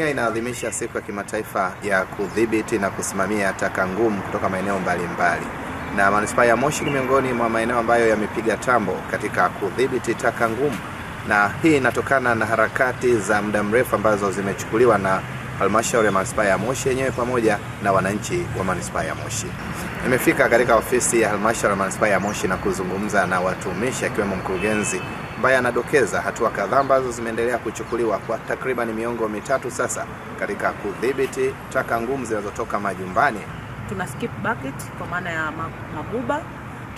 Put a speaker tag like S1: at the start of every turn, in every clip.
S1: Tanzania inaadhimisha siku ya kimataifa ya kudhibiti na kusimamia taka ngumu kutoka maeneo mbalimbali na manispaa ya Moshi miongoni mwa maeneo ambayo yamepiga tambo katika kudhibiti taka ngumu, na hii inatokana na harakati za muda mrefu ambazo zimechukuliwa na halmashauri ya manispaa ya Moshi yenyewe pamoja na wananchi wa manispaa ya Moshi. Nimefika katika ofisi ya halmashauri ya manispaa ya Moshi na kuzungumza na watumishi akiwemo mkurugenzi ambaye anadokeza hatua kadhaa ambazo zimeendelea kuchukuliwa kwa takriban miongo mitatu sasa katika kudhibiti taka ngumu zinazotoka majumbani.
S2: Tuna skip bucket kwa maana ya maguba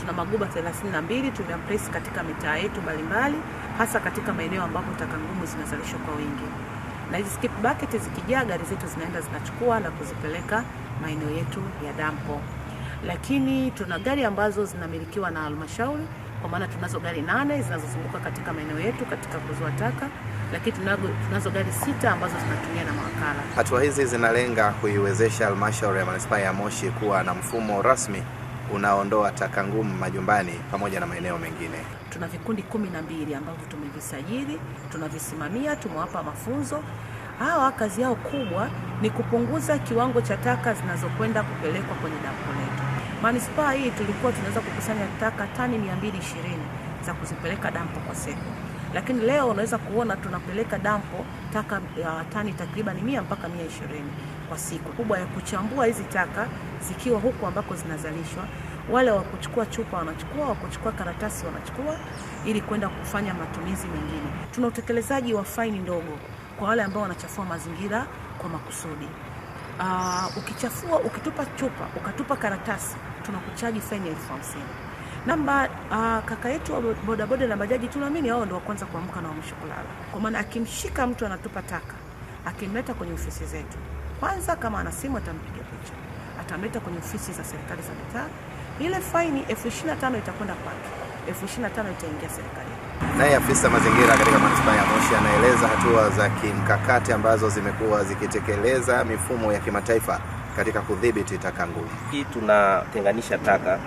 S2: tuna maguba 32 tumeaplace katika mitaa yetu mbalimbali, hasa katika maeneo ambapo taka ngumu zinazalishwa kwa wingi na hizi skip bucket zikijaa, gari zetu zinaenda zinachukua na kuzipeleka maeneo yetu ya dampo. Lakini tuna gari ambazo zinamilikiwa na halmashauri, kwa maana tunazo gari nane zinazozunguka katika maeneo yetu katika kuzoa taka, lakini tunazo gari sita ambazo zinatumia na mawakala.
S1: Hatua hizi zinalenga kuiwezesha halmashauri ya manispaa ya Moshi kuwa na mfumo rasmi unaondoa taka ngumu majumbani pamoja na maeneo mengine.
S2: Tuna vikundi kumi na mbili ambavyo tumevisajili, tunavisimamia, tumewapa mafunzo. Hawa kazi yao kubwa ni kupunguza kiwango cha taka zinazokwenda kupelekwa kwenye dampo letu. Manispaa hii tulikuwa tunaweza kukusanya taka tani 220 za kuzipeleka dampo kwa siku lakini leo unaweza kuona tunapeleka dampo taka ya tani takriban mia mpaka mia ishirini kwa siku kubwa ya kuchambua hizi taka zikiwa huku ambako zinazalishwa. Wale wa kuchukua chupa wanachukua, wa kuchukua karatasi wanachukua, ili kwenda kufanya matumizi mengine. Tuna utekelezaji wa faini ndogo kwa wale ambao wanachafua mazingira kwa makusudi. Uh, ukichafua ukitupa chupa ukatupa karatasi tunakuchaji faini ya elfu hamsini namba uh, kaka yetu wa bodaboda na bajaji tunaamini hao ndio wa kwanza kuamka na wa kulala, kwa maana akimshika mtu anatupa taka, akimleta kwenye ofisi zetu, kwanza kama ana simu atampiga picha, atamleta kwenye ofisi za serikali za mitaa, ile faini elfu ishirini na tano itakwenda kwake, elfu ishirini na tano itaingia serikali.
S1: Naye afisa mazingira katika manispaa ya Moshi anaeleza hatua za kimkakati ambazo zimekuwa zikitekeleza mifumo ya kimataifa katika kudhibiti taka ngumu.
S3: Hii tunatenganisha taka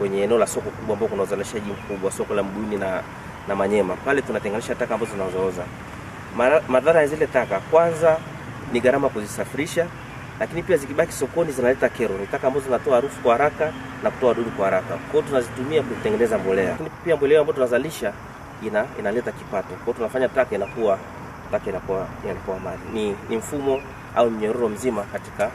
S3: kwenye eneo la soko kubwa ambapo kuna uzalishaji mkubwa, soko la Mbuyuni na, na Manyema. Pale tunatenganisha taka ambazo zinazooza. Madhara ya zile taka kwanza ni gharama kuzisafirisha, lakini pia zikibaki sokoni zinaleta kero. Ni taka ambazo zinatoa harufu kwa haraka na kutoa wadudu kwa haraka, kwa hiyo tunazitumia kutengeneza mbolea. Lakini pia mbolea ambayo tunazalisha ina inaleta kipato, kwa hiyo tunafanya taka inakuwa taka inakuwa inakuwa mali. Ni, ni mfumo au mnyororo mzima katika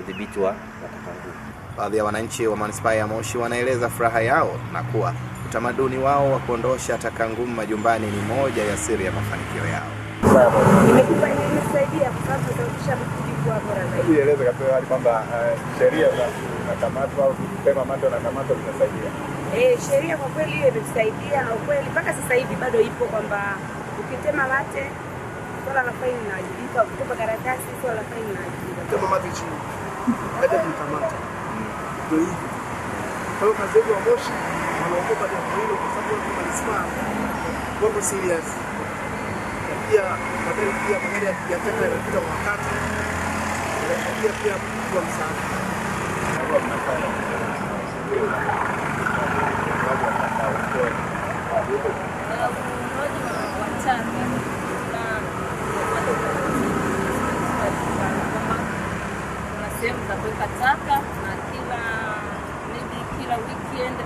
S3: udhibiti wa taka ngumu.
S1: Baadhi ya wananchi wa manispaa ya Moshi wanaeleza furaha yao na kuwa utamaduni wao wa kuondosha taka ngumu majumbani ni moja ya siri ya mafanikio yao. Eh,
S4: eh, sheria kwa kweli hiyo imetusaidia na mpaka sasa hivi bado ipo kwamba ukitema mate swala la faini linawajibika, ukitupa karatasi swala la faini linawajibika.
S5: Tema mate chini. Hata kumkamata ndio hivyo. Kwa hiyo kazi yetu ya Moshi wanaokopa jambo hilo kwa sababu watu manispaa wako serious. Pia magari pia magari ya taka yanapita kwa wakati, yanasaidia pia kuwa msaada.
S6: Kuna sehemu za kuweka taka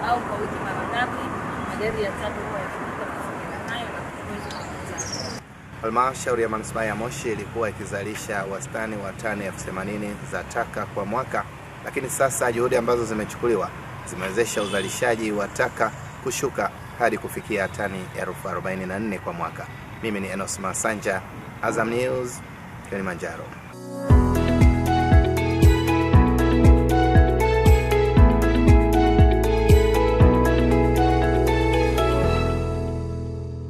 S6: au kwa wiki mara ngapi magari ya tatu huwa mazingira hayo na
S1: Halmashauri ya manispaa ya Moshi ilikuwa ikizalisha wastani wa tani elfu themanini za taka kwa mwaka, lakini sasa juhudi ambazo zimechukuliwa zimewezesha uzalishaji wa taka kushuka hadi kufikia tani elfu arobaini na nne kwa mwaka. Mimi ni Enos Masanja, Azam News, Kilimanjaro.